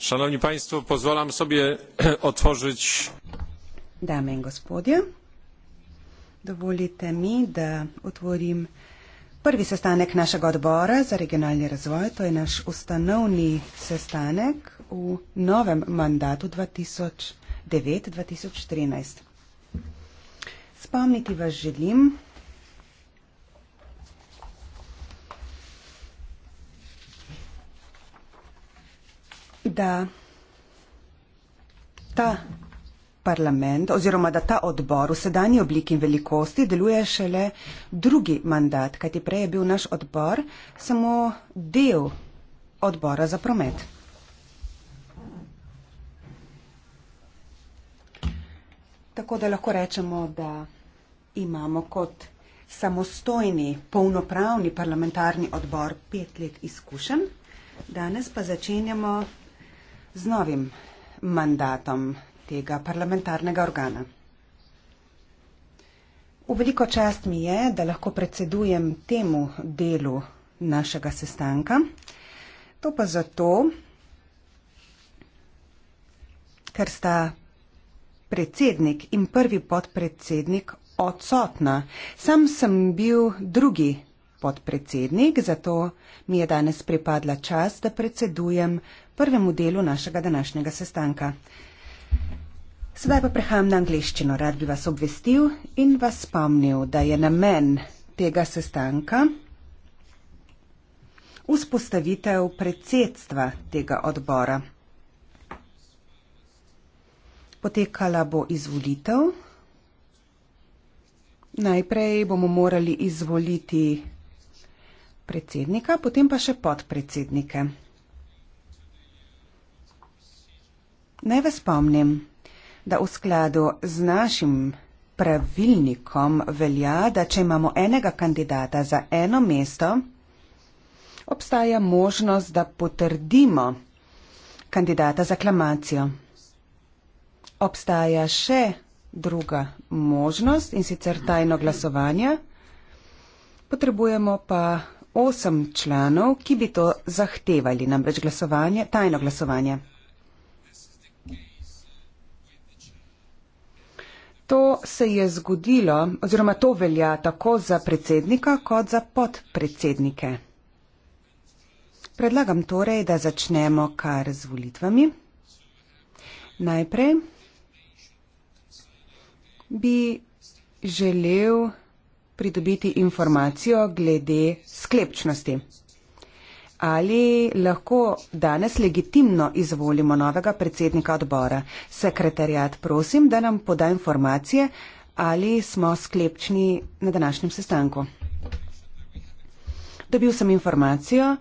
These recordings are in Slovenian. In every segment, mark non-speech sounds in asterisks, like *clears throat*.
Szanowni Państwo, pozwalam sobie *clears throat* otworzyć. Dame i gospodje, dovolite mi, da otworim prvi sestanek našega odbora za regionalni razvoj. To je naš ustanovni sestanek v novem mandatu 2009-2013. Spomniti vas želim, da ta parlament oziroma da ta odbor v sedanji obliki in velikosti deluje šele drugi mandat, kajti prej je bil naš odbor samo del odbora za promet. Tako da lahko rečemo, da imamo kot samostojni, polnopravni parlamentarni odbor pet let izkušen. Danes pa začenjamo z novim mandatom tega parlamentarnega organa. V veliko čast mi je, da lahko predsedujem temu delu našega sestanka. To pa zato, ker sta predsednik in prvi podpredsednik odsotna. Sam sem bil drugi podpredsednik, zato mi je danes pripadla čas, da predsedujem prvemu delu našega današnjega sestanka. Sedaj pa prehajam na angliščino. Rad bi vas obvestil in vas spomnil, da je namen tega sestanka vzpostavitev predsedstva tega odbora. Potekala bo izvolitev. Najprej bomo morali izvoliti predsednika, potem pa še podpredsednike. Naj vas spomnim, da v skladu z našim pravilnikom velja, da če imamo enega kandidata za eno mesto, obstaja možnost, da potrdimo kandidata za klamacijo. Obstaja še druga možnost in sicer tajno glasovanje, potrebujemo pa osem članov, ki bi to zahtevali, namreč glasovanje, tajno glasovanje. To se je zgodilo, oziroma to velja tako za predsednika kot za podpredsednike. Predlagam torej, da začnemo kar z volitvami. Najprej bi želel pridobiti informacijo glede sklepčnosti. Ali lahko danes legitimno izvolimo novega predsednika odbora? Sekretarjat, prosim, da nam poda informacije, ali smo sklepčni na današnjem sestanku. Dobil sem informacijo,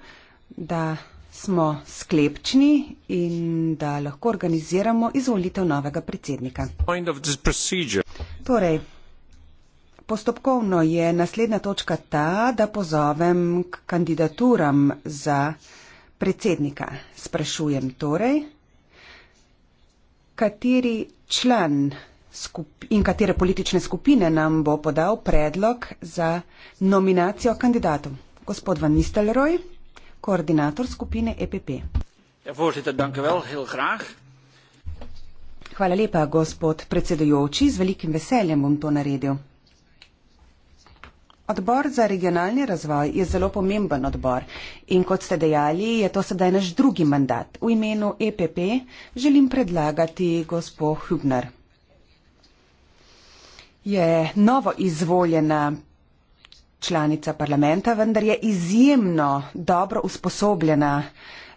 da smo sklepčni in da lahko organiziramo izvolitev novega predsednika. Torej, postopkovno je naslednja točka ta, da pozovem k kandidaturam za predsednika. Sprašujem torej, kateri član in katere politične skupine nam bo podal predlog za nominacijo kandidatov. Gospod Van Nistelrooy, koordinator skupine EPP. Ja, Hvala lepa, gospod predsedujoči, z velikim veseljem bom to naredil. Odbor za regionalni razvoj je zelo pomemben odbor in kot ste dejali, je to sedaj naš drugi mandat. V imenu EPP želim predlagati gospod Hübner. Je novo izvoljena članica parlamenta, vendar je izjemno dobro usposobljena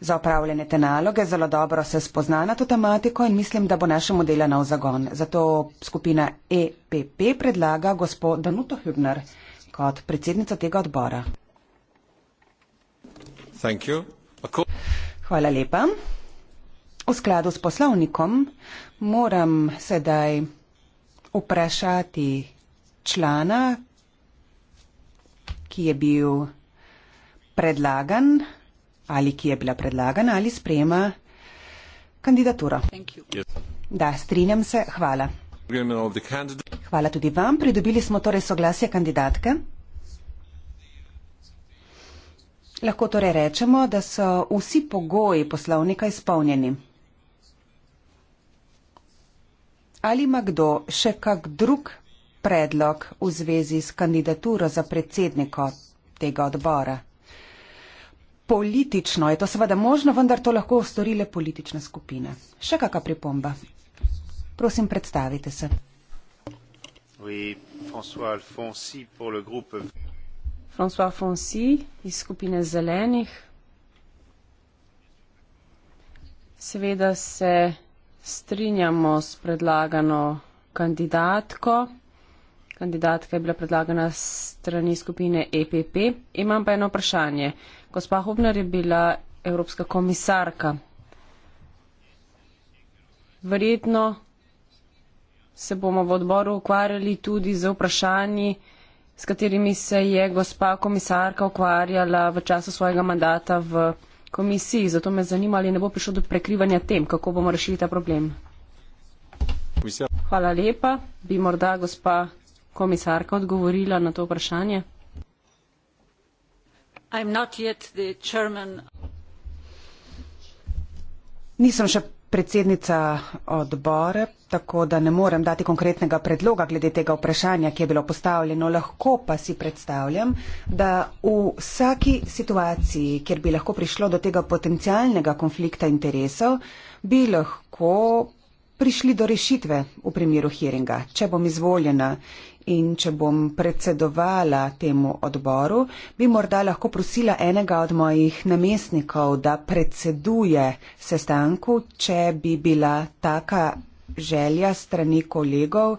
za upravljanje te naloge, zelo dobro se spozna na to tematiko in mislim, da bo našemu delu nov zagon. Zato skupina EPP predlaga gospod Danuto Hübner kot predsednica tega odbora. Hvala lepa. V skladu s poslovnikom moram sedaj vprašati člana, ki je bil predlagan ali ki je bila predlagana ali sprejema kandidaturo. Da, strinjam se, hvala. Hvala tudi vam. Pridobili smo torej soglasje kandidatke. Lahko torej rečemo, da so vsi pogoji poslovnika izpolnjeni. Ali ima kdo še kak drug predlog v zvezi s kandidaturo za predsedniko tega odbora? Politično je to seveda možno, vendar to lahko ustorile politične skupine. Še kakšna pripomba? Prosim, predstavite se. François Fonsi iz skupine Zelenih. Seveda se strinjamo s predlagano kandidatko. Kandidatka je bila predlagana strani skupine EPP. Imam pa eno vprašanje. Gospa Hubner je bila evropska komisarka. Verjetno se bomo v odboru ukvarjali tudi z vprašanji, s katerimi se je gospa komisarka ukvarjala v času svojega mandata v komisiji. Zato me zanima, ali ne bo prišlo do prekrivanja tem, kako bomo rešili ta problem. Hvala lepa. Bi morda gospa komisarka odgovorila na to vprašanje? Nisem še predsednica odbora tako da ne morem dati konkretnega predloga glede tega vprašanja, ki je bilo postavljeno. Lahko pa si predstavljam, da v vsaki situaciji, kjer bi lahko prišlo do tega potencialnega konflikta interesov, bi lahko prišli do rešitve v primeru hiringa. Če bom izvoljena in če bom predsedovala temu odboru, bi morda lahko prosila enega od mojih namestnikov, da predseduje sestanku, če bi bila taka želja strani kolegov,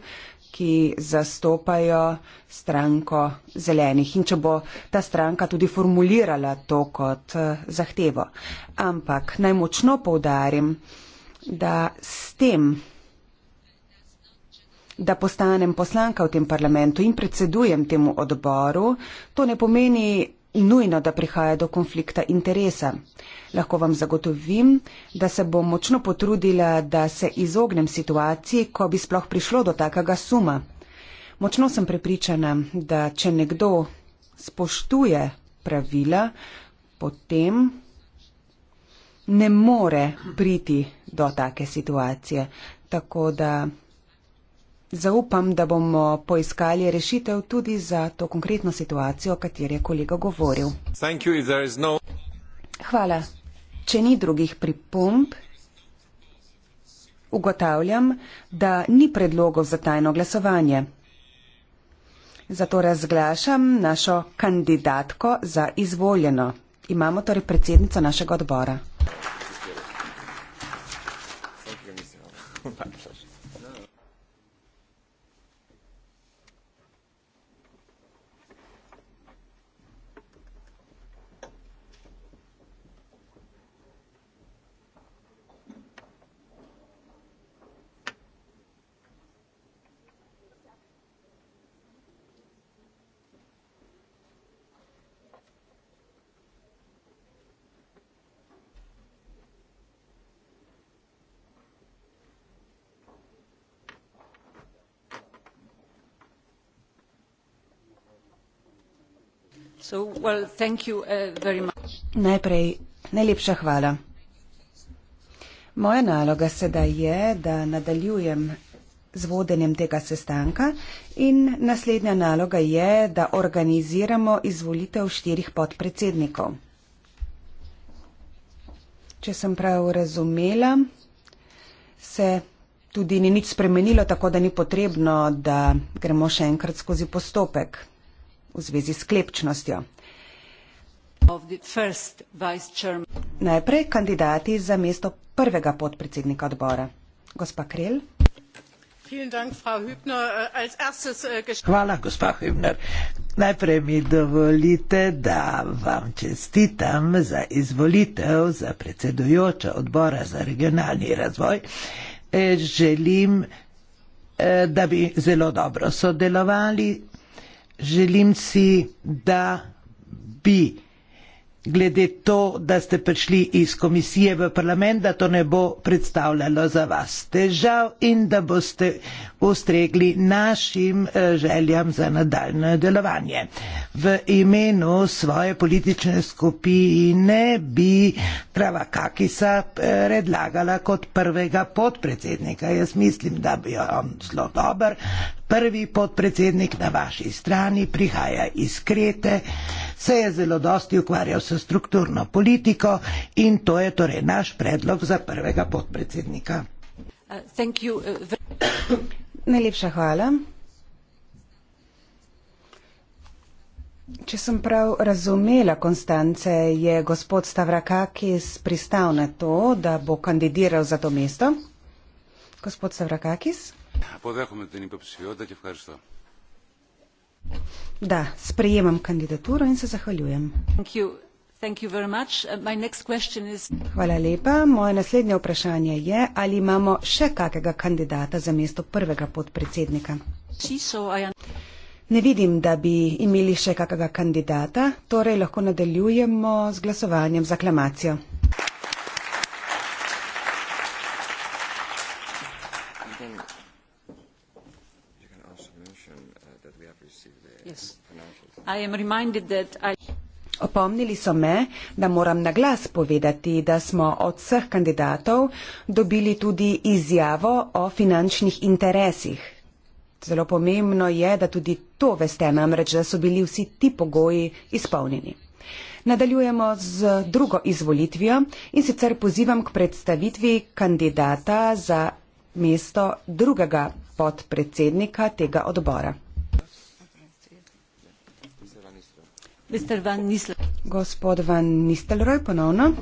ki zastopajo stranko zelenih in če bo ta stranka tudi formulirala to kot eh, zahtevo. Ampak naj močno povdarim, da s tem, da postanem poslanka v tem parlamentu in predsedujem temu odboru, to ne pomeni nujno, da prihaja do konflikta interesa lahko vam zagotovim, da se bom močno potrudila, da se izognem situaciji, ko bi sploh prišlo do takega suma. Močno sem prepričana, da če nekdo spoštuje pravila, potem ne more priti do take situacije. Tako da zaupam, da bomo poiskali rešitev tudi za to konkretno situacijo, o kateri je kolega govoril. No- Hvala. Če ni drugih pripomb, ugotavljam, da ni predlogov za tajno glasovanje. Zato razglašam našo kandidatko za izvoljeno. Imamo torej predsednico našega odbora. Thank you. Uh, Najprej najlepša hvala. Moja naloga sedaj je, da nadaljujem z vodenjem tega sestanka in naslednja naloga je, da organiziramo izvolitev štirih podpredsednikov. Če sem prav razumela, se tudi ni nič spremenilo, tako da ni potrebno, da gremo še enkrat skozi postopek v zvezi s klepčnostjo. Najprej kandidati za mesto prvega podpredsednika odbora. Gospa Krel. Äh, äh, Hvala, gospa Hübner. Najprej mi dovolite, da vam čestitam za izvolitev za predsedujoča odbora za regionalni razvoj. Eh, želim, eh, da bi zelo dobro sodelovali Želim si, da bi glede to, da ste prišli iz komisije v parlament, da to ne bo predstavljalo za vas težav in da boste ustregli našim eh, željam za nadaljne delovanje. V imenu svoje politične skupine bi Trava Kakisa eh, predlagala kot prvega podpredsednika. Jaz mislim, da bi on zelo dober. Prvi podpredsednik na vaši strani prihaja iz Krete se je zelo dosti ukvarjal s strukturno politiko in to je torej naš predlog za prvega podpredsednika. Uh, you, uh, *coughs* Najlepša hvala. Če sem prav razumela Konstance, je gospod Stavrakakis pristal na to, da bo kandidiral za to mesto. Gospod Stavrakakis. Povej, komentarji pa psihijo, da ti vkaršam. Da, sprejemam kandidaturo in se zahvaljujem. Thank you. Thank you uh, is... Hvala lepa. Moje naslednje vprašanje je, ali imamo še kakega kandidata za mesto prvega podpredsednika. Ne vidim, da bi imeli še kakega kandidata, torej lahko nadaljujemo z glasovanjem za aklamacijo. Opomnili so me, da moram na glas povedati, da smo od vseh kandidatov dobili tudi izjavo o finančnih interesih. Zelo pomembno je, da tudi to veste, namreč, da so bili vsi ti pogoji izpolnjeni. Nadaljujemo z drugo izvolitvijo in sicer pozivam k predstavitvi kandidata za mesto drugega podpredsednika tega odbora. Gospod Van Nistelroj, ponovno.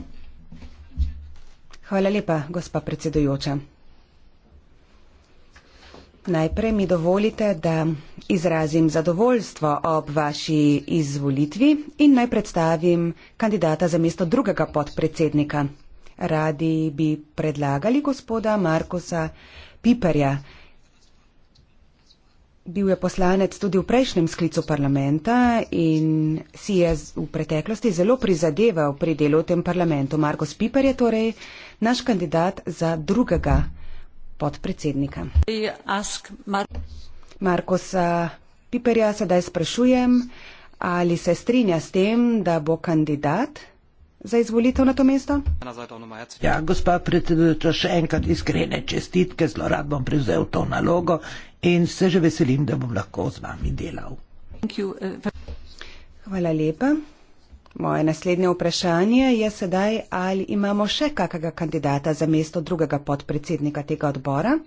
Hvala lepa, gospa predsedujoča. Najprej mi dovolite, da izrazim zadovoljstvo ob vaši izvolitvi in naj predstavim kandidata za mesto drugega podpredsednika. Radi bi predlagali gospoda Markusa Piperja, Bil je poslanec tudi v prejšnjem sklicu parlamenta in si je v preteklosti zelo prizadeval pri delu v tem parlamentu. Marko Spiper je torej naš kandidat za drugega podpredsednika. Marko Spiperja eh, sedaj sprašujem, ali se strinja s tem, da bo kandidat za izvolitev na to mesto? Ja, gospa predsedujoča, še enkrat iskrene čestitke, zelo rad bom prevzel to nalogo in se že veselim, da bom lahko z vami delal. Eh, Hvala lepa. Moje naslednje vprašanje je sedaj, ali imamo še kakega kandidata za mesto drugega podpredsednika tega odbora?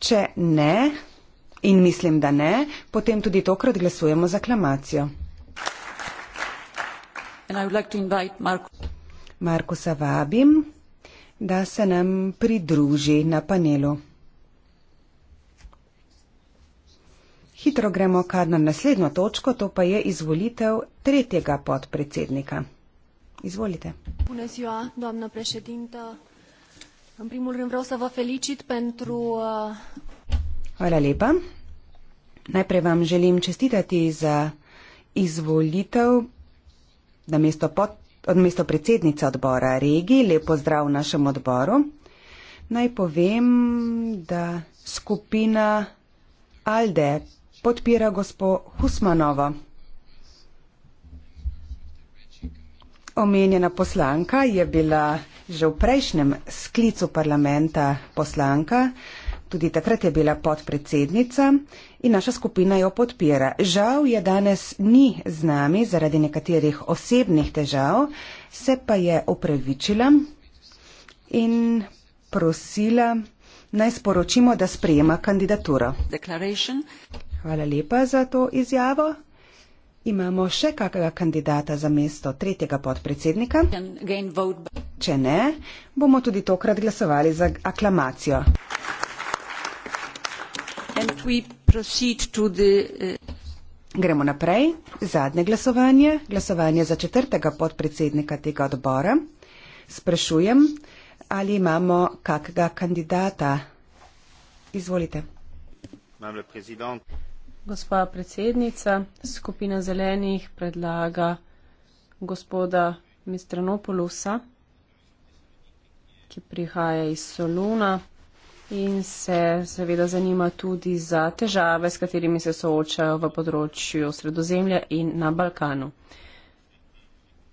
Če ne, in mislim, da ne, potem tudi tokrat glasujemo za aklamacijo. Markusa vabim, da se nam pridruži na panelu. Hitro gremo kar na naslednjo točko, to pa je izvolitev tretjega podpredsednika. Izvolite. Uh, Hvala lepa. Najprej vam želim čestitati za izvolitev da mesto pod. Od mesta predsednica odbora regij, lepo zdrav v našem odboru. Naj povem, da skupina Alde podpira gospo Husmanova. Omenjena poslanka je bila že v prejšnjem sklicu parlamenta poslanka, Tudi takrat je bila podpredsednica in naša skupina jo podpira. Žal je danes ni z nami zaradi nekaterih osebnih težav, se pa je opravičila in prosila, naj sporočimo, da sprejema kandidaturo. Declaration. Hvala lepa za to izjavo. Imamo še kakega kandidata za mesto tretjega podpredsednika? Vote, but... Če ne, bomo tudi tokrat glasovali za aklamacijo. Uh, Gremo naprej. Zadnje glasovanje, glasovanje za četrtega podpredsednika tega odbora. Sprašujem, ali imamo kakega kandidata. Izvolite. Gospa predsednica, skupina zelenih predlaga gospoda Mistranopolusa, ki prihaja iz Soluna in se seveda zanima tudi za težave, s katerimi se soočajo v področju sredozemlja in na Balkanu.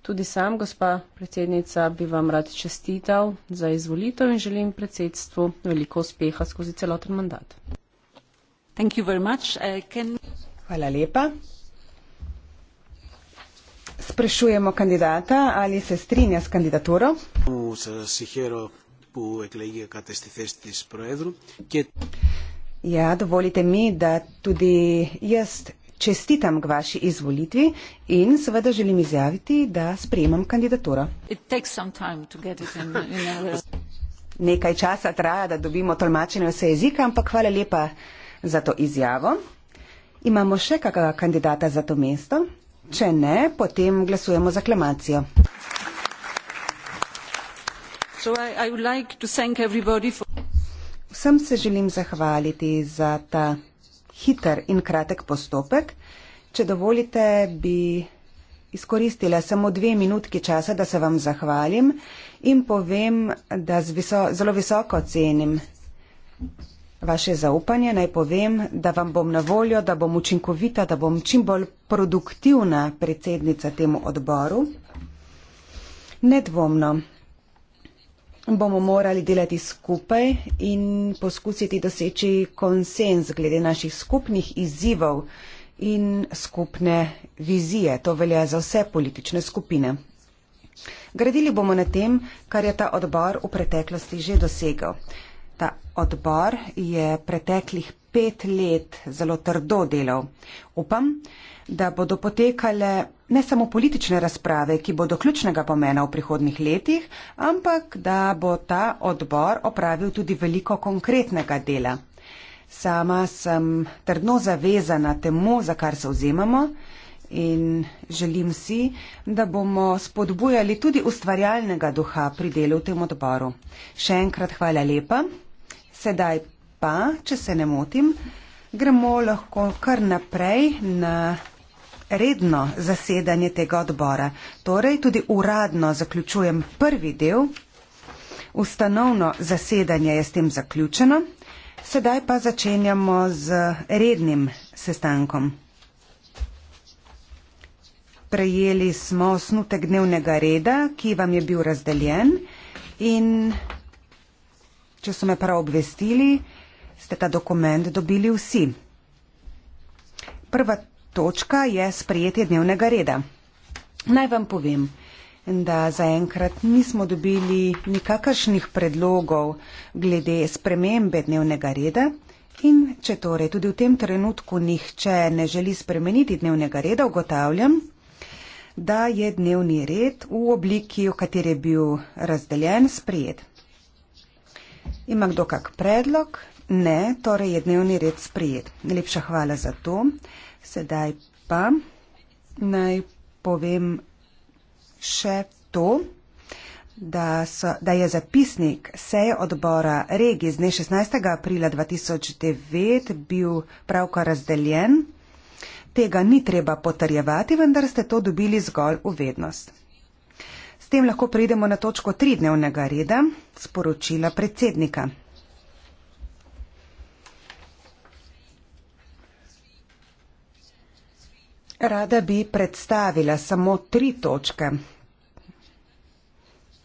Tudi sam, gospa predsednica, bi vam rad čestital za izvolitev in želim predsedstvu veliko uspeha skozi celoten mandat. Uh, Hvala lepa. Sprašujemo kandidata, ali se strinja s kandidaturo που εκλέγει κατά στη θέση της Προέδρου. Και... Ja, dovolite mi, da tudi jaz čestitam k vaši izvolitvi in seveda želim izjaviti, da sprejemam kandidaturo. Nekaj časa traja, da dobimo tolmačenje vse jezika, ampak hvala lepa za to izjavo. Imamo še kakega kandidata za to mesto? Če ne, potem glasujemo za klamacijo. Vsem se želim zahvaliti za ta hiter in kratek postopek. Če dovolite, bi izkoristila samo dve minutki časa, da se vam zahvalim in povem, da viso zelo visoko cenim vaše zaupanje. Naj povem, da vam bom na voljo, da bom učinkovita, da bom čim bolj produktivna predsednica temu odboru. Nedvomno bomo morali delati skupaj in poskusiti doseči konsens glede naših skupnih izzivov in skupne vizije. To velja za vse politične skupine. Gradili bomo na tem, kar je ta odbor v preteklosti že dosegal. Ta odbor je preteklih pet let zelo trdo delal. Upam, da bodo potekale ne samo politične razprave, ki bodo ključnega pomena v prihodnih letih, ampak da bo ta odbor opravil tudi veliko konkretnega dela. Sama sem trdno zavezana temu, za kar se vzemamo in želim si, da bomo spodbujali tudi ustvarjalnega duha pri delu v tem odboru. Še enkrat hvala lepa. Sedaj pa, če se ne motim, gremo lahko kar naprej na redno zasedanje tega odbora. Torej tudi uradno zaključujem prvi del. Ustanovno zasedanje je s tem zaključeno. Sedaj pa začenjamo z rednim sestankom. Prejeli smo osnutek dnevnega reda, ki vam je bil razdeljen in če so me prav obvestili, ste ta dokument dobili vsi. Prva točka je sprejetje dnevnega reda. Naj vam povem, da zaenkrat nismo dobili nikakršnih predlogov glede spremembe dnevnega reda in če torej tudi v tem trenutku nihče ne želi spremeniti dnevnega reda, ugotavljam, da je dnevni red v obliki, v kateri je bil razdeljen, sprejet. Ima kdo kak predlog? Ne, torej je dnevni red sprejet. Lepša hvala za to. Sedaj pa naj povem še to, da, so, da je zapisnik seje odbora regij z dne 16. aprila 2009 bil pravkar razdeljen. Tega ni treba potrjevati, vendar ste to dobili zgolj v vednost. S tem lahko pridemo na točko tri dnevnega reda, sporočila predsednika. Rada bi predstavila samo tri točke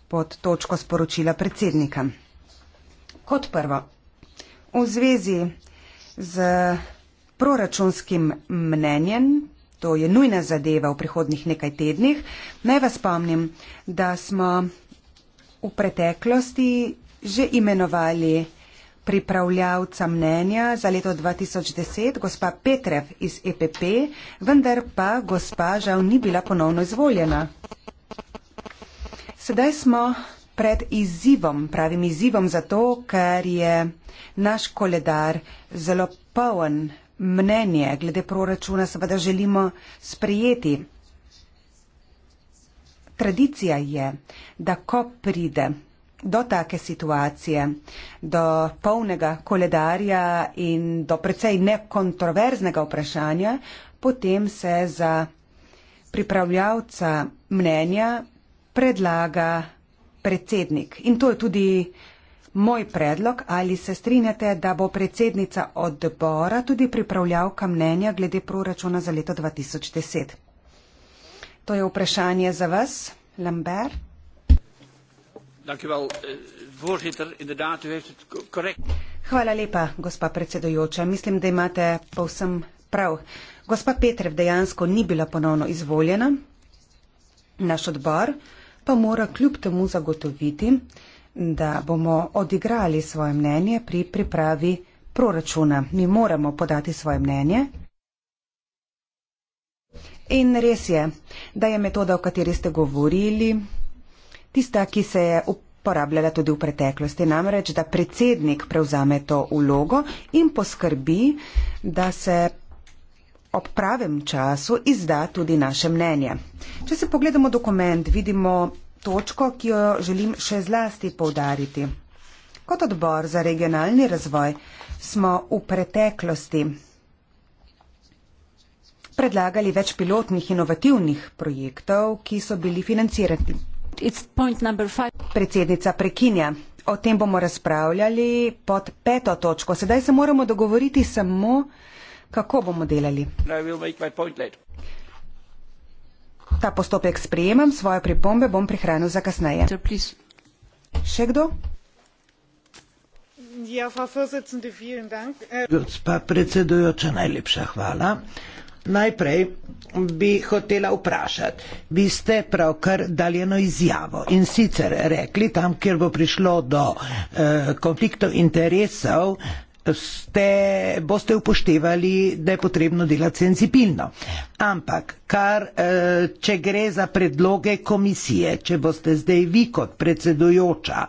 pod točko sporočila predsednika. Kot prvo, v zvezi z proračunskim mnenjem, to je nujna zadeva v prihodnih nekaj tednih, naj vas spomnim, da smo v preteklosti že imenovali pripravljavca mnenja za leto 2010, gospa Petrev iz EPP, vendar pa gospa žal ni bila ponovno izvoljena. Sedaj smo pred izzivom, pravim izzivom zato, ker je naš koledar zelo poln mnenje glede proračuna, seveda želimo sprejeti. Tradicija je, da ko pride do take situacije, do polnega koledarja in do precej nekontroverznega vprašanja, potem se za pripravljavca mnenja predlaga predsednik. In to je tudi moj predlog, ali se strinjate, da bo predsednica odbora tudi pripravljavka mnenja glede proračuna za leto 2010. To je vprašanje za vas, Lambert. Eh, Hvala lepa, gospa predsedujoča. Mislim, da imate povsem prav. Gospa Petrev dejansko ni bila ponovno izvoljena. Naš odbor pa mora kljub temu zagotoviti, da bomo odigrali svoje mnenje pri pripravi proračuna. Mi moramo podati svoje mnenje. In res je, da je metoda, o kateri ste govorili, tista, ki se je uporabljala tudi v preteklosti. Namreč, da predsednik prevzame to vlogo in poskrbi, da se ob pravem času izda tudi naše mnenje. Če se pogledamo dokument, vidimo točko, ki jo želim še zlasti povdariti. Kot odbor za regionalni razvoj smo v preteklosti predlagali več pilotnih inovativnih projektov, ki so bili financirani Predsednica prekinja. O tem bomo razpravljali pod peto točko. Sedaj se moramo dogovoriti samo, kako bomo delali. No, Ta postopek sprejemam, svoje pripombe bom prihranil za kasneje. Še kdo? Ja, äh, Gospa predsedujoča, najlepša hvala. Najprej bi hotela vprašati, vi ste pravkar dali eno izjavo in sicer rekli, tam, kjer bo prišlo do eh, konfliktov interesov, ste, boste upoštevali, da je potrebno delati sensibilno. Ampak, kar, eh, če gre za predloge komisije, če boste zdaj vi kot predsedujoča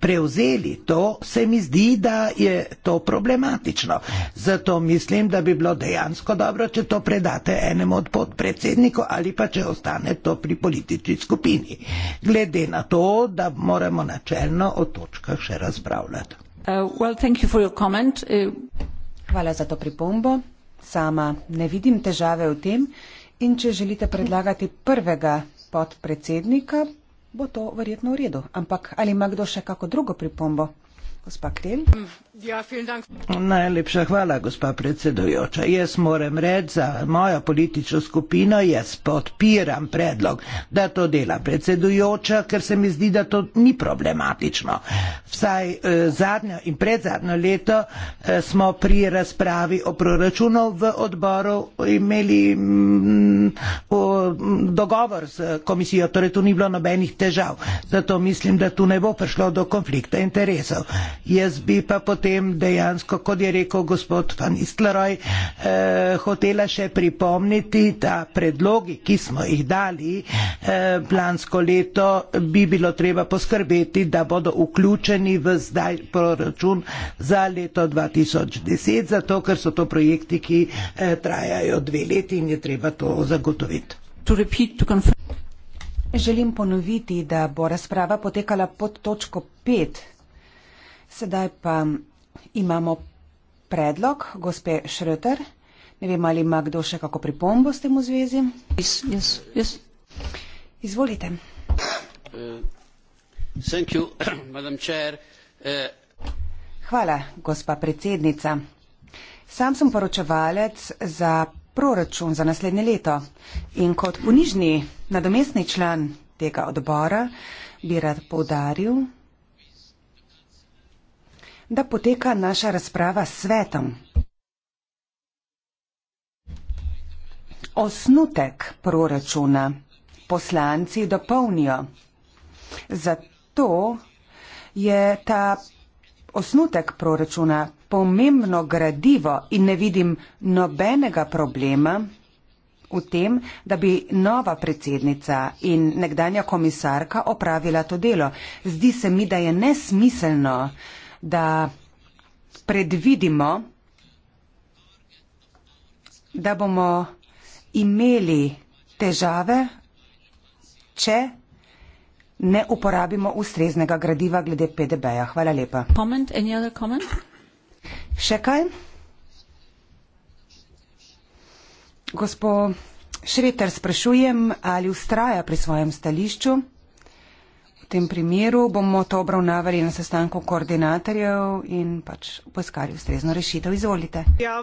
prevzeli to, se mi zdi, da je to problematično. Zato mislim, da bi bilo dejansko dobro, če to predate enemu od podpredsednikov ali pa če ostane to pri politični skupini. Glede na to, da moramo načelno o točkah še razpravljati. Uh, uh, Hvala za to pripombo. Sama ne vidim težave v tem in če želite predlagati prvega podpredsednika, bo to verjetno v redu. Ampak ali ima kdo še kako drugo pripombo? Gospa Krel? Ja, Najlepša hvala, gospa predsedujoča. Jaz moram reči za mojo politično skupino, jaz podpiram predlog, da to dela predsedujoča, ker se mi zdi, da to ni problematično. Vsaj eh, zadnjo in predzadnjo leto eh, smo pri razpravi o proračunu v odboru imeli mm, o, dogovor z komisijo, torej tu ni bilo nobenih težav. Zato mislim, da tu ne bo prišlo do konflikta interesov. Jaz bi pa potem potem dejansko, kot je rekel gospod van Istleroj, eh, hotela še pripomniti, da predlogi, ki smo jih dali eh, lansko leto, bi bilo treba poskrbeti, da bodo vključeni v zdaj proračun za leto 2010, zato ker so to projekti, ki eh, trajajo dve leti in je treba to zagotoviti. Želim ponoviti, da bo razprava potekala pod točko 5. Sedaj pa Imamo predlog gospe Šrter. Ne vem, ali ima kdo še kako pripombo s tem v zvezi. Yes, yes, yes. Izvolite. Uh, you, *clears throat* uh. Hvala, gospa predsednica. Sam sem poročevalec za proračun za naslednje leto in kot ponižni nadomestni član tega odbora bi rad povdaril, da poteka naša razprava s svetom. Osnutek proračuna poslanci dopolnijo. Zato je ta osnutek proračuna pomembno gradivo in ne vidim nobenega problema v tem, da bi nova predsednica in nekdanja komisarka opravila to delo. Zdi se mi, da je nesmiselno, uh, da predvidimo, da bomo imeli težave, če ne uporabimo ustreznega gradiva glede PDB-ja. Hvala lepa. Comment, any other comment? Še kaj? Gospod Šreter, sprašujem, ali ustraja pri svojem stališču? V tem primeru bomo to obravnavali na sestanku koordinatorjev in pač poiskali ustrezno rešitev. Izvolite. Ja,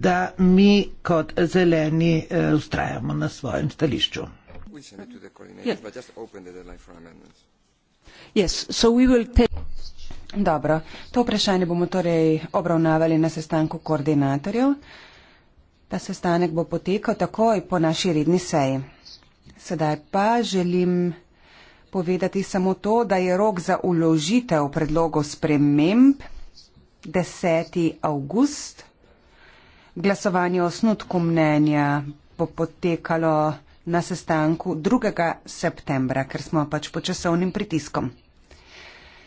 da mi kot zeleni ustrajamo eh, na svojem stališču. Yes. Dobro, to vprašanje bomo torej obravnavali na sestanku koordinatorjev. Ta sestanek bo potekal takoj po naši redni seji. Sedaj pa želim povedati samo to, da je rok za uložitev predlogov sprememb 10. avgust. Glasovanje o snutku mnenja bo potekalo na sestanku 2. septembra, ker smo pač pod časovnim pritiskom.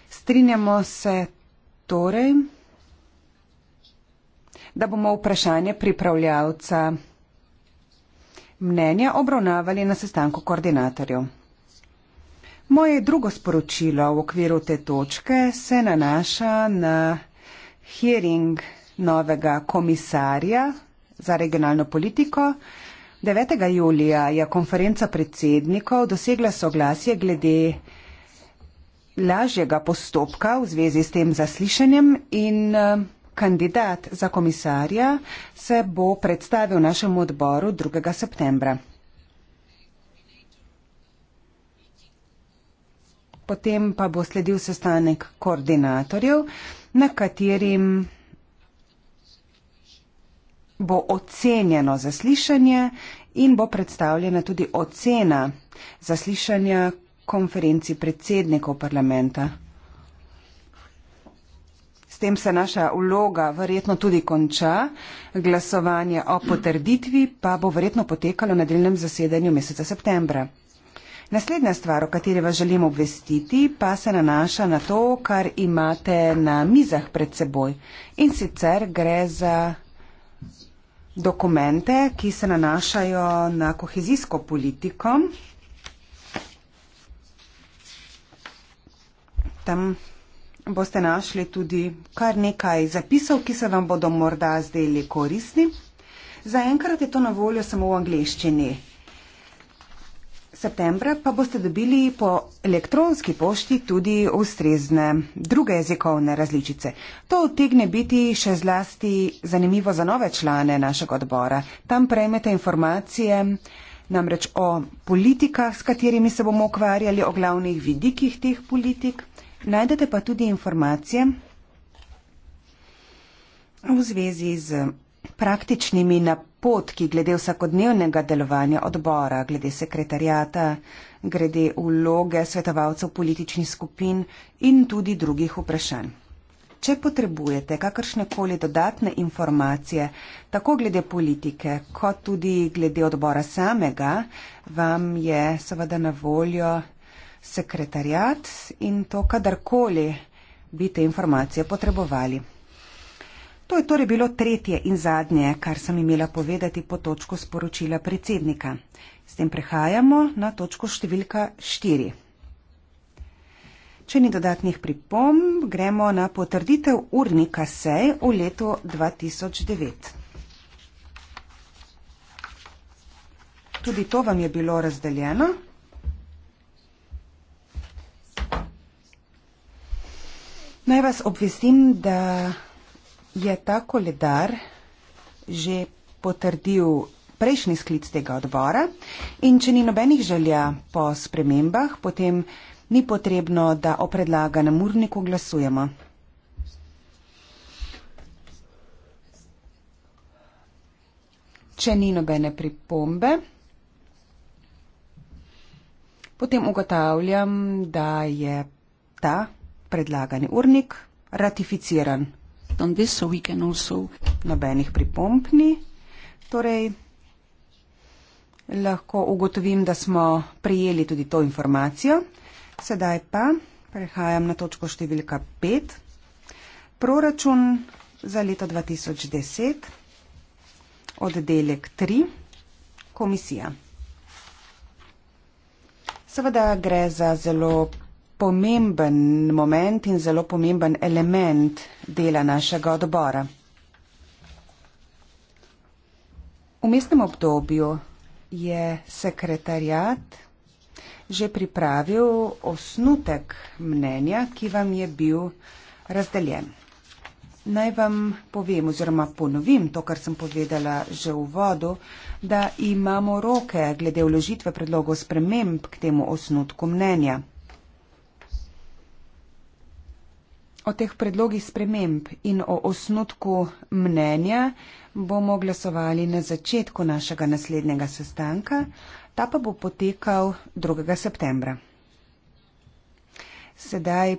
Strinjamo se torej, da bomo vprašanje pripravljavca mnenja obravnavali na sestanku koordinatorjev. Moje drugo sporočilo v okviru te točke se nanaša na hearing novega komisarja za regionalno politiko. 9. julija je konferenca predsednikov dosegla soglasje glede lažjega postopka v zvezi s tem zaslišanjem in eh, kandidat za komisarja se bo predstavil našemu odboru 2. septembra. potem pa bo sledil sestanek koordinatorjev, na katerim bo ocenjeno zaslišanje in bo predstavljena tudi ocena zaslišanja konferenci predsednikov parlamenta. S tem se naša vloga verjetno tudi konča. Glasovanje o potrditvi pa bo verjetno potekalo na delnem zasedanju meseca septembra. Naslednja stvar, o kateri vas želim obvestiti, pa se nanaša na to, kar imate na mizah pred seboj. In sicer gre za dokumente, ki se nanašajo na kohezijsko politiko. Tam boste našli tudi kar nekaj zapisov, ki se vam bodo morda zdeli koristni. Zaenkrat je to na voljo samo v angleščini septembra pa boste dobili po elektronski pošti tudi ustrezne druge jezikovne različice. To otegne biti še zlasti zanimivo za nove člane našega odbora. Tam prejmete informacije namreč o politikah, s katerimi se bomo ukvarjali, o glavnih vidikih teh politik. Najdete pa tudi informacije v zvezi z praktičnimi napotki glede vsakodnevnega delovanja odbora, glede sekretarjata, glede vloge svetovalcev političnih skupin in tudi drugih vprašanj. Če potrebujete kakršnekoli dodatne informacije, tako glede politike, kot tudi glede odbora samega, vam je seveda na voljo sekretarjat in to, kadarkoli bi te informacije potrebovali. To je torej bilo tretje in zadnje, kar sem imela povedati po točko sporočila predsednika. S tem prehajamo na točko številka štiri. Če ni dodatnih pripomb, gremo na potrditev urnika sej v letu 2009. Tudi to vam je bilo razdeljeno. Naj vas obvestim, da je ta koledar že potrdil prejšnji sklic tega odbora in če ni nobenih želja po spremembah, potem ni potrebno, da o predlaganem urniku glasujemo. Če ni nobene pripombe, potem ugotavljam, da je ta predlagani urnik ratificiran reflect on this so we can also nobenih pripomp ni. Torej, lahko ugotovim, da smo prijeli tudi to informacijo. Sedaj pa prehajam na točko številka 5. Proračun za leto 2010, oddelek 3, komisija. Seveda gre za zelo pomemben moment in zelo pomemben element dela našega odbora. V mestnem obdobju je sekretarjat že pripravil osnutek mnenja, ki vam je bil razdeljen. Naj vam povem oziroma ponovim to, kar sem povedala že v vodu, da imamo roke glede vložitve predlogov sprememb k temu osnutku mnenja. O teh predlogih sprememb in o osnutku mnenja bomo glasovali na začetku našega naslednjega sestanka, ta pa bo potekal 2. septembra. Sedaj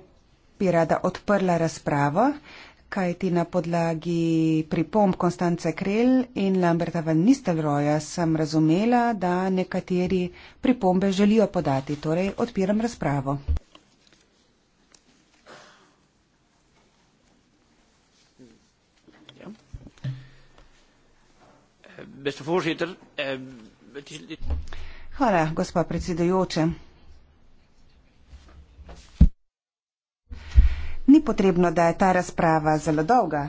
bi rada odprla razpravo, kaj ti na podlagi pripomb Konstance Krel in Lamberta van Nistelroja sem razumela, da nekateri pripombe želijo podati. Torej odpiram razpravo. beste voorzitter. Ehm, Hvala, gospod predsedujoče. Ni potrebno, da je ta razprava zelo dolga,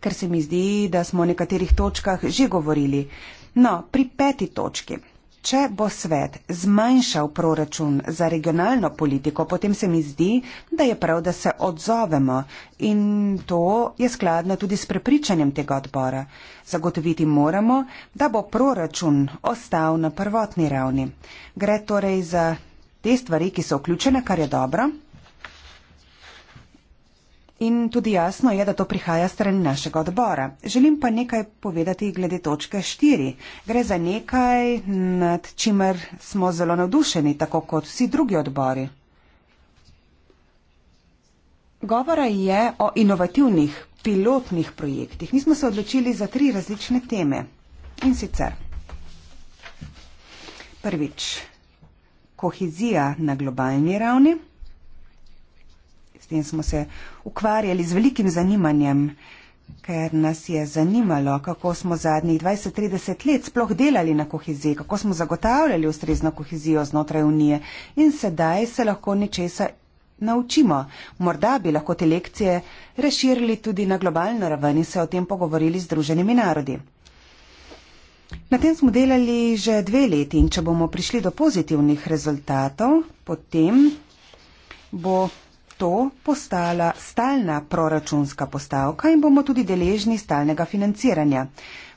ker se mi zdi, da smo o nekaterih točkah že govorili. No, pri peti točki. Če bo svet zmanjšal proračun za regionalno politiko, potem se mi zdi, da je prav, da se odzovemo in to je skladno tudi s prepričanjem tega odbora. Zagotoviti moramo, da bo proračun ostal na prvotni ravni. Gre torej za te stvari, ki so vključene, kar je dobro. In tudi jasno je, da to prihaja strani našega odbora. Želim pa nekaj povedati glede točke 4. Gre za nekaj, nad čimer smo zelo navdušeni, tako kot vsi drugi odbori. Govora je o inovativnih pilotnih projektih. Mi smo se odločili za tri različne teme. In sicer. Prvič, kohezija na globalni ravni. S tem smo se ukvarjali z velikim zanimanjem, ker nas je zanimalo, kako smo zadnjih 20-30 let sploh delali na koheziji, kako smo zagotavljali ustrezno kohezijo znotraj Unije in sedaj se lahko nečesa naučimo. Morda bi lahko te lekcije razširili tudi na globalno raven in se o tem pogovorili z druženimi narodi. Na tem smo delali že dve leti in če bomo prišli do pozitivnih rezultatov, potem bo to postala stalna proračunska postavka in bomo tudi deležni stalnega financiranja.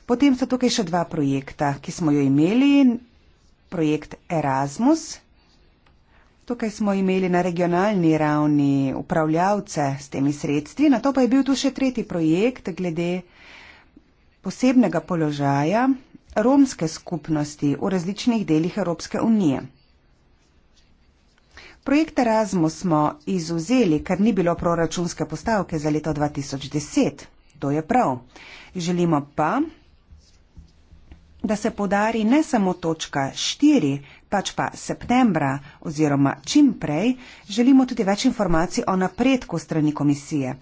Potem so tukaj še dva projekta, ki smo jo imeli. Projekt Erasmus. Tukaj smo imeli na regionalni ravni upravljavce s temi sredstvi. Na to pa je bil tu še tretji projekt glede posebnega položaja romske skupnosti v različnih delih Evropske unije. Projekt Erasmus smo izuzeli, ker ni bilo proračunske postavke za leto 2010. To je prav. Želimo pa, da se podari ne samo točka 4, pač pa septembra oziroma čim prej, želimo tudi več informacij o napredku strani komisije.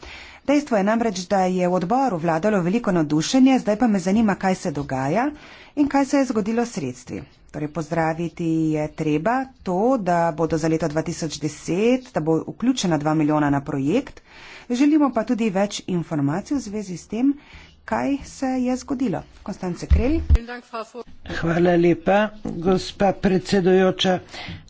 Dejstvo je namreč, da je v odboru vladalo veliko nadušenje, zdaj pa me zanima, kaj se dogaja in kaj se je zgodilo s sredstvi. Torej, pozdraviti je treba to, da bodo za leto 2010, da bo vključena 2 milijona na projekt. Želimo pa tudi več informacij v zvezi s tem, kaj se je zgodilo. Konstance Krelj. Hvala lepa, gospa predsedujoča.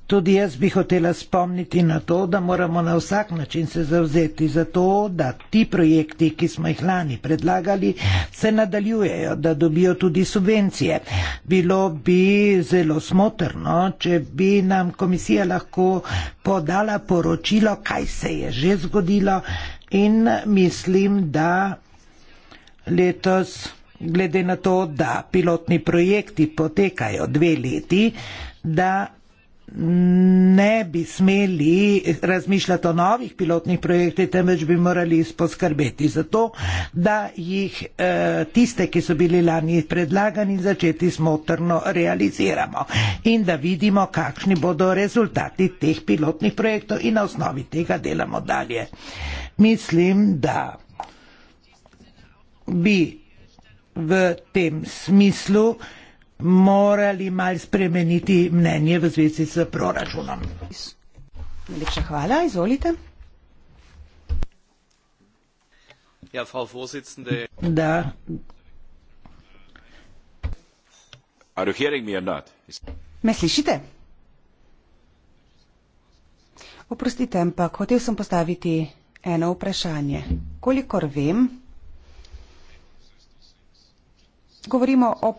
Tudi jaz bi hotela spomniti na to, da moramo na vsak način se zavzeti za to, da ti projekti, ki smo jih lani predlagali, se nadaljujejo, da dobijo tudi subvencije. Bilo bi zelo smotrno, če bi nam komisija lahko podala poročilo, kaj se je že zgodilo in mislim, da letos, glede na to, da pilotni projekti potekajo dve leti, da ne bi smeli razmišljati o novih pilotnih projektih, temveč bi morali poskrbeti za to, da jih eh, tiste, ki so bili lani predlagani, začeti smotrno realiziramo in da vidimo, kakšni bodo rezultati teh pilotnih projektov in na osnovi tega delamo dalje. Mislim, da bi v tem smislu morali malce spremeniti mnenje v zvezi s proračunom. Najlepša hvala, izvolite. Ja, frau Vorsitzende. Da. Are you hearing me or not? Me slišite? Oprostite, ampak hotel sem postaviti eno vprašanje. Kolikor vem, govorimo o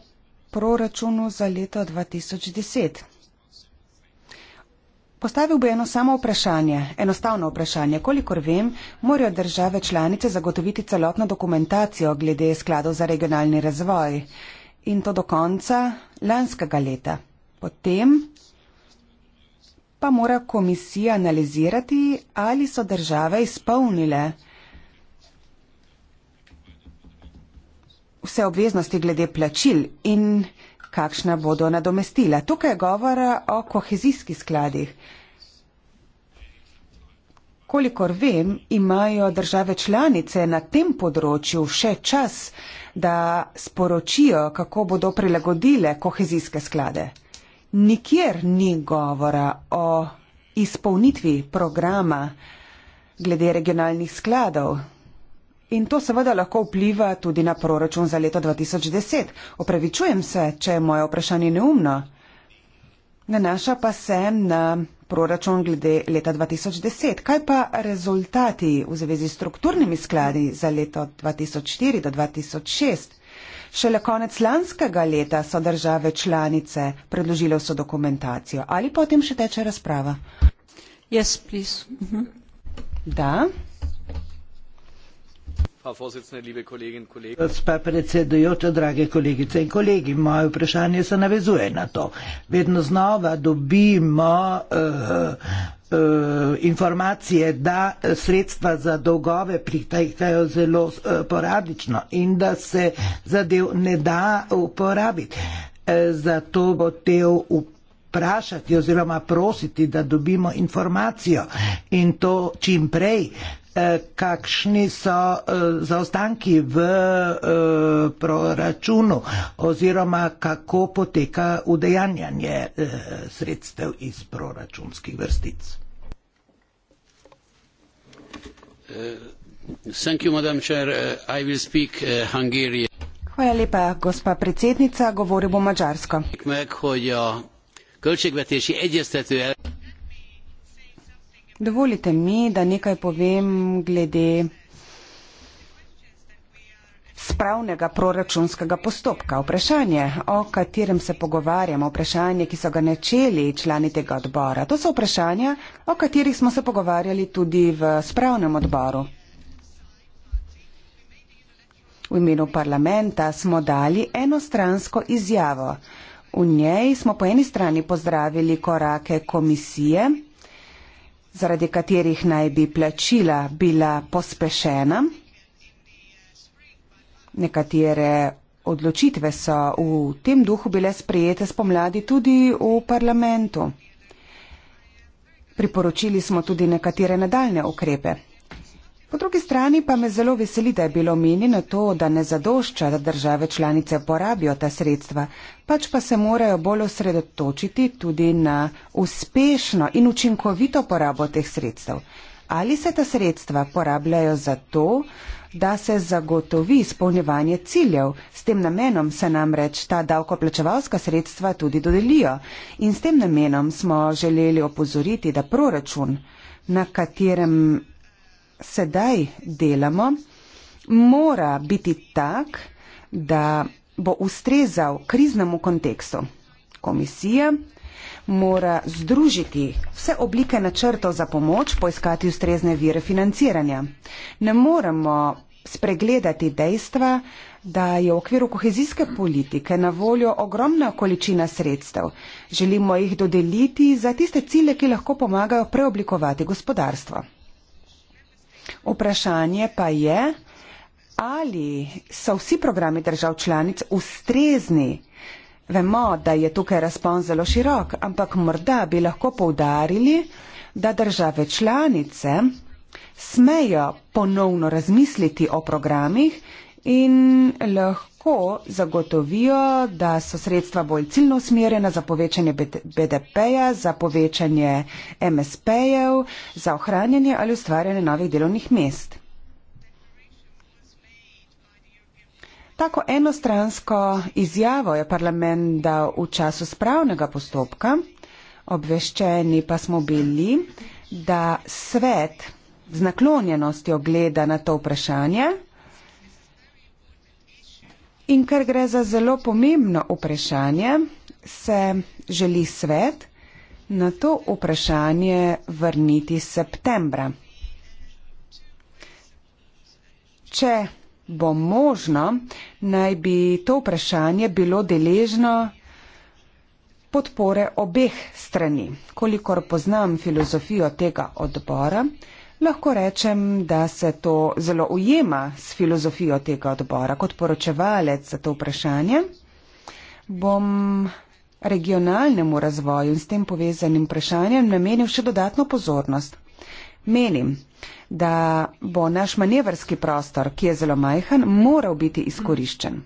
proračunu za leto 2010. Postavil bi eno samo vprašanje, enostavno vprašanje. Kolikor vem, morajo države članice zagotoviti celotno dokumentacijo glede skladov za regionalni razvoj in to do konca lanskega leta. Potem pa mora komisija analizirati, ali so države izpolnile vse obveznosti glede plačil in kakšna bodo nadomestila. Tukaj je govora o kohezijskih skladih. Kolikor vem, imajo države članice na tem področju še čas, da sporočijo, kako bodo prilagodile kohezijske sklade. Nikjer ni govora o izpolnitvi programa glede regionalnih skladov. In to seveda lahko vpliva tudi na proračun za leto 2010. Opravičujem se, če je moje vprašanje neumno. Nanaša pa se na proračun glede leta 2010. Kaj pa rezultati v zvezi s strukturnimi skladi za leto 2004 do 2006? Šele konec lanskega leta so države članice predložile vso dokumentacijo. Ali potem še teče razprava? Yes, please. Mm -hmm. Da. Gospa predsedujoča, drage kolegice in kolegi, moje vprašanje se navezuje na to. Vedno znova dobimo uh, uh, informacije, da sredstva za dolgove pritekajo zelo uh, eh, poradično in da se zadev ne da uporabiti. Uh, zato bo tev vprašati oziroma prositi, da dobimo informacijo in to čim prej, Eh, kakšni so eh, zaostanki v eh, proračunu oziroma kako poteka udejanjanje sredstev iz proračunskih vrstic. Hvala lepa, gospa predsednica, govorim o Mačarsko. Dovolite mi, da nekaj povem glede spravnega proračunskega postopka. Vprašanje, o katerem se pogovarjamo, vprašanje, ki so ga načeli člani tega odbora, to so vprašanja, o katerih smo se pogovarjali tudi v spravnem odboru. V imenu parlamenta smo dali enostransko izjavo. V njej smo po eni strani pozdravili korake komisije, zaradi katerih naj bi plačila bila pospešena. Nekatere odločitve so v tem duhu bile sprejete spomladi tudi v parlamentu. Priporočili smo tudi nekatere nadaljne ukrepe. Po drugi strani pa me zelo veseli, da je bilo menjeno to, da ne zadošča, da države članice porabijo ta sredstva, pač pa se morajo bolj osredotočiti tudi na uspešno in učinkovito porabo teh sredstev. Ali se ta sredstva porabljajo za to, da se zagotovi izpolnjevanje ciljev, s tem namenom se namreč ta davkoplačevalska sredstva tudi dodelijo in s tem namenom smo želeli opozoriti, da proračun, na katerem sedaj delamo, mora biti tak, da bo ustrezal kriznemu kontekstu. Komisija mora združiti vse oblike načrtov za pomoč, poiskati ustrezne vire financiranja. Ne moremo spregledati dejstva, da je v okviru kohezijske politike na voljo ogromna količina sredstev. Želimo jih dodeliti za tiste cilje, ki lahko pomagajo preoblikovati gospodarstvo. Vprašanje pa je, ali so vsi programi držav članic ustrezni. Vemo, da je tukaj razpon zelo širok, ampak morda bi lahko poudarili, da države članice smejo ponovno razmisliti o programih in lahko zagotovijo, da so sredstva bolj ciljno usmerjena za povečanje BDP-ja, za povečanje MSP-jev, za ohranjanje ali ustvarjanje novih delovnih mest. Tako enostransko izjavo je parlament dal v času spravnega postopka, obveščeni pa smo bili, da svet z naklonjenostjo gleda na to vprašanje In ker gre za zelo pomembno vprašanje, se želi svet na to vprašanje vrniti septembra. Če bo možno, naj bi to vprašanje bilo deležno podpore obeh strani. Kolikor poznam filozofijo tega odbora, Lahko rečem, da se to zelo ujema s filozofijo tega odbora. Kot poročevalec za to vprašanje bom regionalnemu razvoju in s tem povezanim vprašanjem namenil še dodatno pozornost. Menim, da bo naš manevrski prostor, ki je zelo majhen, moral biti izkoriščen.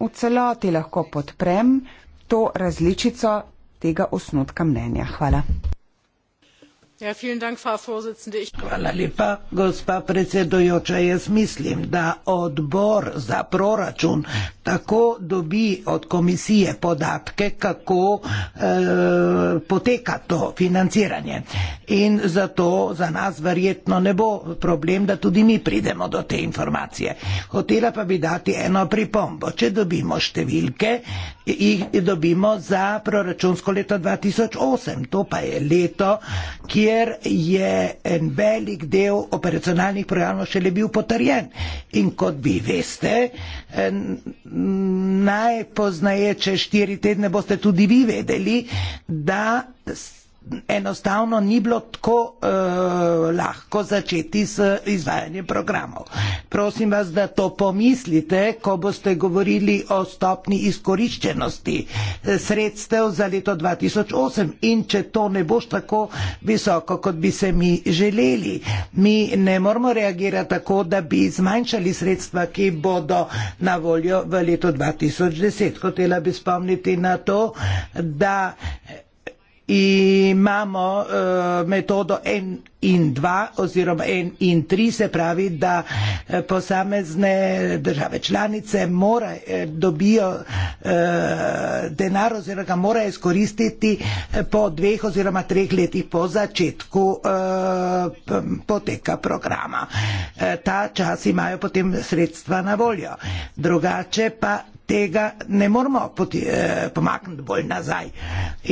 V celoti lahko podprem to različico tega osnutka mnenja. Hvala. Ja, Hvala lepa, gospa predsedujoča. Jaz mislim, da odbor za proračun tako dobi od komisije podatke, kako eh, poteka to financiranje. In zato za nas verjetno ne bo problem, da tudi mi pridemo do te informacije. Hotela pa bi dati eno pripombo. Če dobimo številke, jih dobimo za proračunsko leto 2008. To pa je leto, kjer kjer je en velik del operacionalnih programov šele bil potrjen. In kot bi veste, eh, najpoznaje čez štiri tedne boste tudi vi vedeli, da enostavno ni bilo tako uh, lahko začeti s izvajanjem programov. Prosim vas, da to pomislite, ko boste govorili o stopni izkoriščenosti eh, sredstev za leto 2008 in če to ne boš tako visoko, kot bi se mi želeli. Mi ne moramo reagirati tako, da bi zmanjšali sredstva, ki bodo na voljo v letu 2010. Hotela bi spomniti na to, da imamo uh, metodo en in dva oziroma en in tri, se pravi, da eh, posamezne države članice mora, eh, dobijo eh, denar oziroma ga morajo izkoristiti po dveh oziroma treh letih po začetku eh, poteka programa. Eh, ta čas imajo potem sredstva na voljo. Drugače pa tega ne moramo poti, eh, pomakniti bolj nazaj.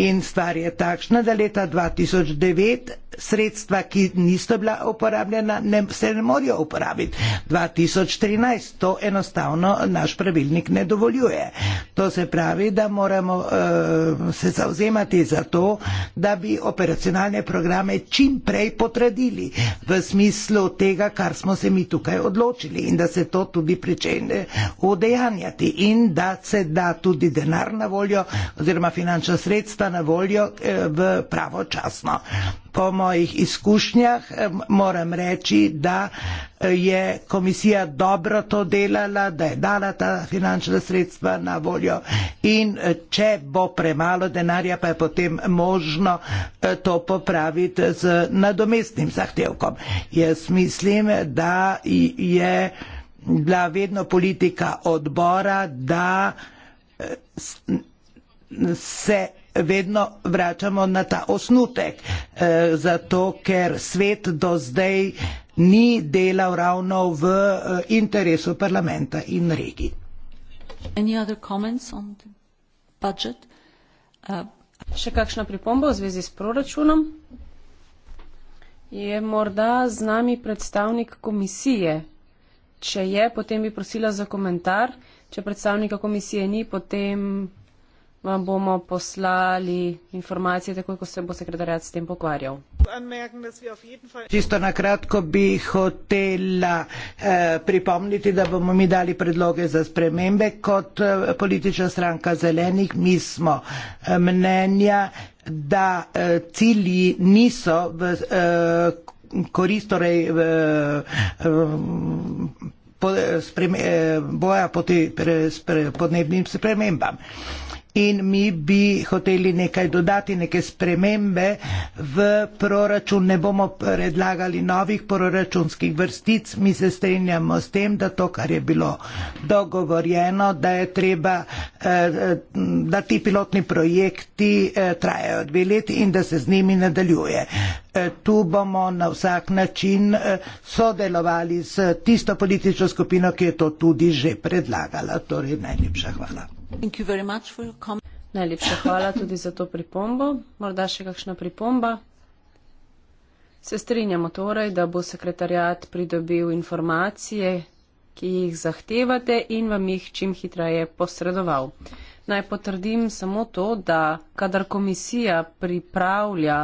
In stvar je takšna, da leta 2009 sredstva, ki niso bila uporabljena, ne, se ne morajo uporabiti. 2013 to enostavno naš pravilnik ne dovoljuje. To se pravi, da moramo eh, se zauzemati za to, da bi operacionalne programe čim prej potredili v smislu tega, kar smo se mi tukaj odločili in da se to tudi pričene udejanjati. In da se da tudi denar na voljo oziroma finančna sredstva na voljo eh, v pravočasno. Po mojih izkušnjah eh, moram reči, da eh, je komisija dobro to delala, da je dala ta finančna sredstva na voljo in če bo premalo denarja, pa je potem možno to popraviti z nadomestnim zahtevkom. Jaz mislim, da je bila vedno politika odbora, da eh, se vedno vračamo na ta osnutek, eh, zato ker svet do zdaj ni delal ravno v eh, interesu parlamenta in regij. Uh, Še kakšna pripomba v zvezi s proračunom? Je morda z nami predstavnik komisije če je, potem bi prosila za komentar. Če predstavnika komisije ni, potem vam bomo poslali informacije, tako ko se bo sekretarjat s tem pokvarjal. Čisto na kratko bi hotela eh, pripomniti, da bomo mi dali predloge za spremembe. Kot eh, politična stranka zelenih mi smo eh, mnenja, da eh, cilji niso v. Eh, korist, torej eh, eh, eh, boja proti podnebnim spremembam in mi bi hoteli nekaj dodati, neke spremembe v proračun, ne bomo predlagali novih proračunskih vrstic, mi se strinjamo s tem, da to, kar je bilo dogovorjeno, da je treba, eh, da ti pilotni projekti eh, trajajo dve leti in da se z njimi nadaljuje. Eh, tu bomo na vsak način sodelovali s tisto politično skupino, ki je to tudi že predlagala. Torej, najlepša hvala. Najlepša hvala tudi za to pripombo. Morda še kakšna pripomba? Se strinjamo torej, da bo sekretarjat pridobil informacije, ki jih zahtevate in vam jih čim hitreje posredoval. Naj potrdim samo to, da kadar komisija pripravlja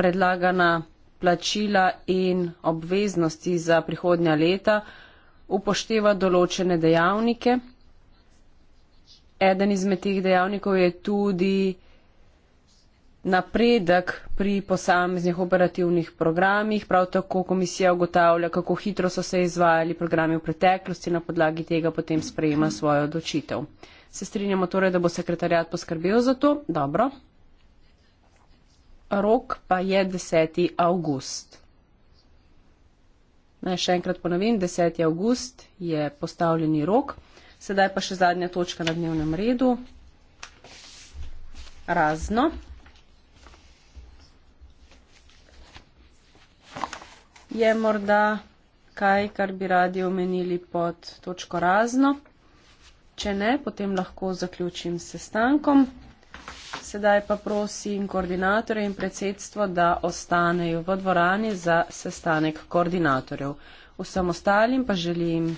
predlagana plačila in obveznosti za prihodnja leta, upošteva določene dejavnike eden izmed teh dejavnikov je tudi napredek pri posameznih operativnih programih. Prav tako komisija ugotavlja, kako hitro so se izvajali programi v preteklosti, na podlagi tega potem sprejema svojo odločitev. Se strinjamo torej, da bo sekretarjat poskrbel za to? Dobro. Rok pa je 10. avgust. Naj še enkrat ponovim, 10. avgust je postavljeni rok. Sedaj pa še zadnja točka na dnevnem redu. Razno. Je morda kaj, kar bi radi omenili pod točko razno? Če ne, potem lahko zaključim s sestankom. Sedaj pa prosim koordinatorje in predsedstvo, da ostanejo v dvorani za sestanek koordinatorjev. Vsem ostalim pa želim